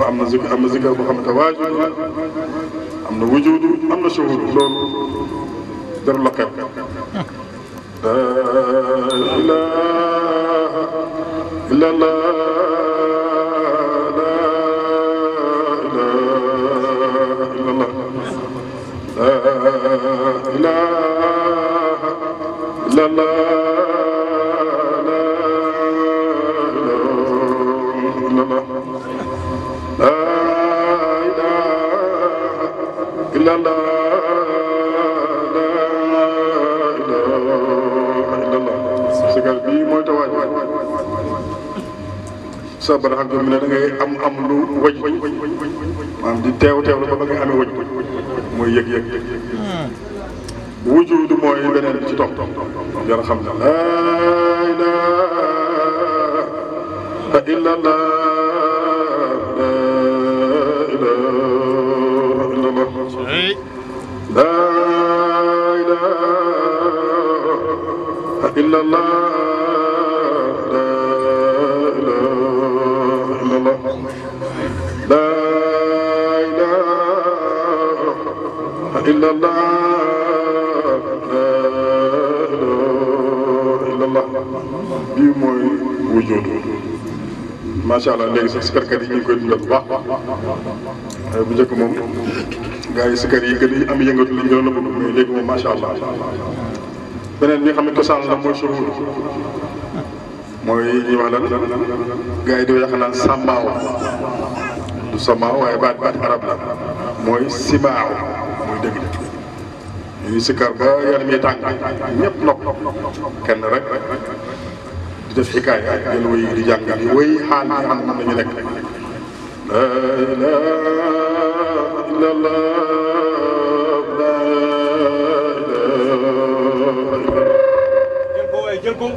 fa am na zik am na zikar boo xam ne tawaajud am na wujudu am na shuhuud loolu dara la xew la ilaha illa allah la la إلا الله لا إله إلا الله sigar bii mooy tawaaj sa baraxam bi mu ne da am am lu waj maanaam di teew teew la ba nga amee waj mooy yëg yëg wujudu mooy beneen bi ci topp yàlla xam na laa ilaaha illa Allah إلا الله لا إله إلا الله لا إله mooy wujud macha allah léegi sax sikkarkat yi ñu ngi koy dundal bu baax waaye bu njëkk moom gars yi yi gën a am yëngatu li ñu doon la bëgg mais léegi moom macha allah. benen bi xamni xam ne cosaan la moy suruur mooy ñuy wax lan gars yi di wax naan sàmbaaw du samaw way baat baat arab la moy simaw moy deug mooy dégg ci kar ba yar mi tàng ñëpp nok kenn rek di def xikaay jël way di jàng di wéy xaal bi xam moom la ñu nekk la ilaha illallah கேட்கும்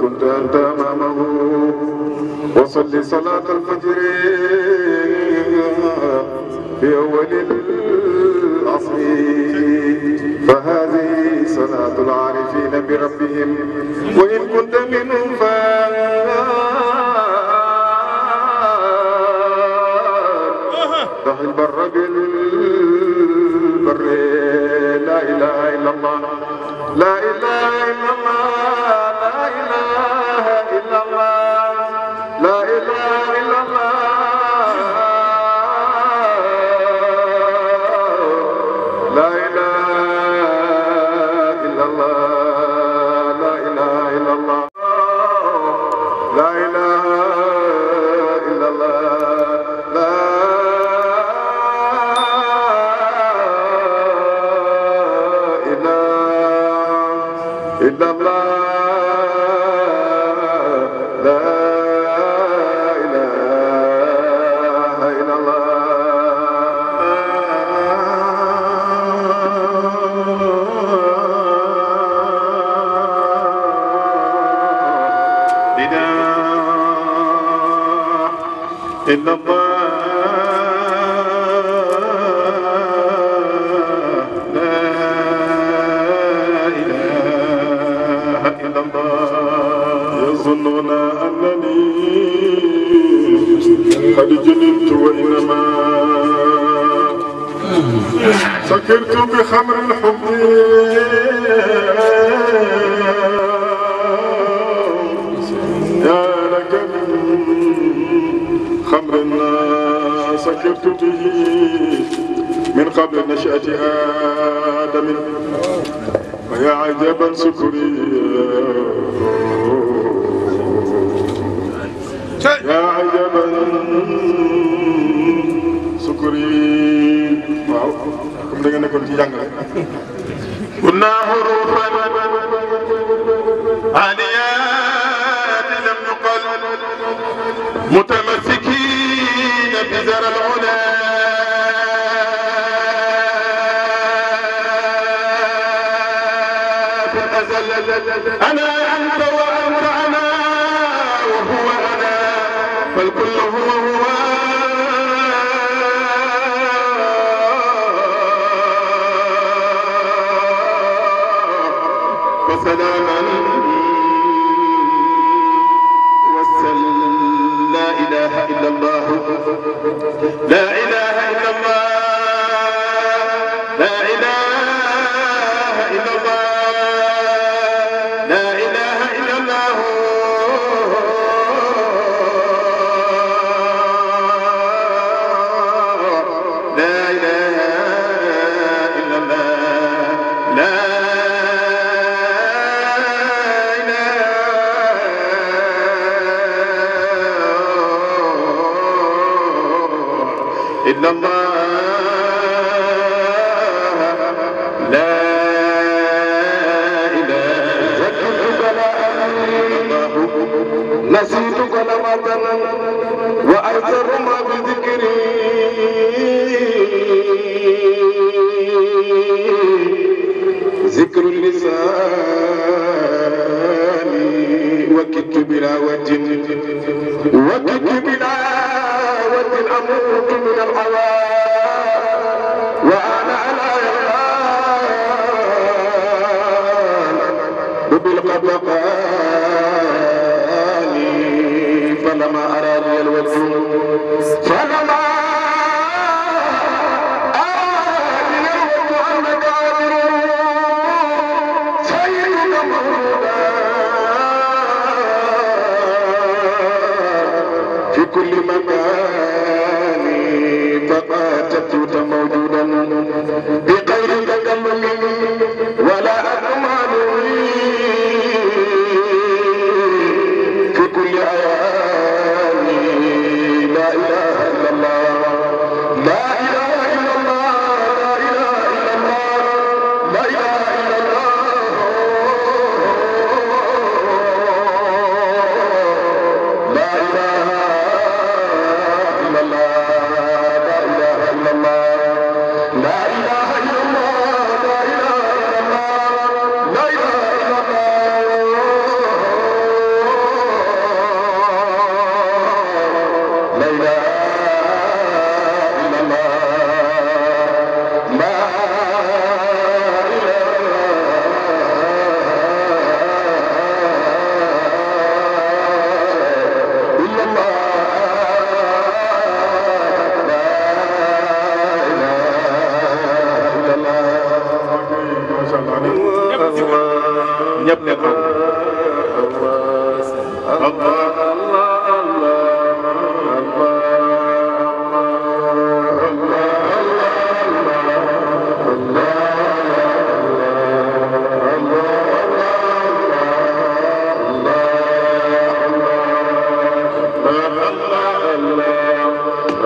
كنت أنت أمامه وصل صلاة الفجر في أول العصر فهذه صلاة العارفين بربهم وإن كنت منهم فهذه إنما لا إله إلا الله يظنون أنني قد جننت وإنما سكرت بخمر الحب أعجبت به من قبل نشأة آدم ويا عجبا سكري يا عجبا سكري واو كم دا نكون كنا حروفا عاليات لم يقل متمسكين بزر العلا أنا أنت وأنت أنا وهو أنا فالكل هو هو فسلاما لا إله نسيت كلمة وأيسر ما بذكري ذكر اللسان وكدت وكت وكدت وجه أموت من الحوادث الوزير فلما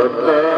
Amém.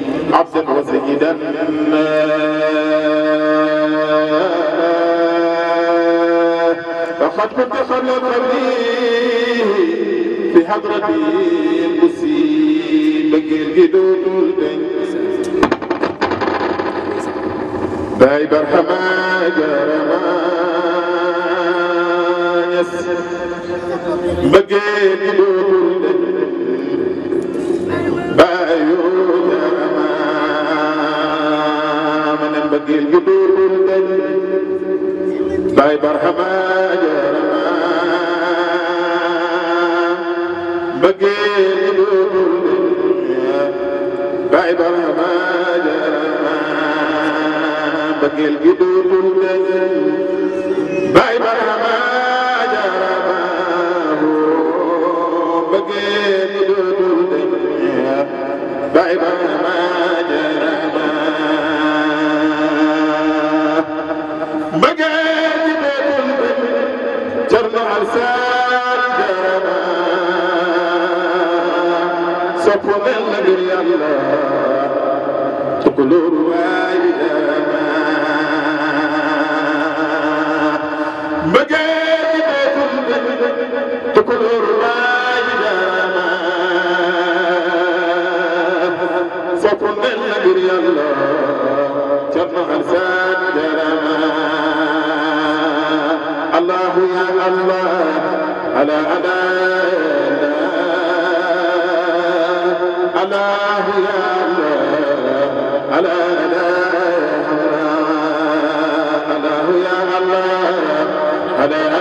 عبدا وسيدا ما فقد كنت قبل قبلي في حضرتي قسي بكير قدود باي برحمة جرمان يس بكير قدود sëriñ bi dootul dañ bay barxama jaarama bëggee ni dootul dañ bay barxama jaarama bëggeel gi dootul dañ bay barxama ko mel na ngir yàlla عليها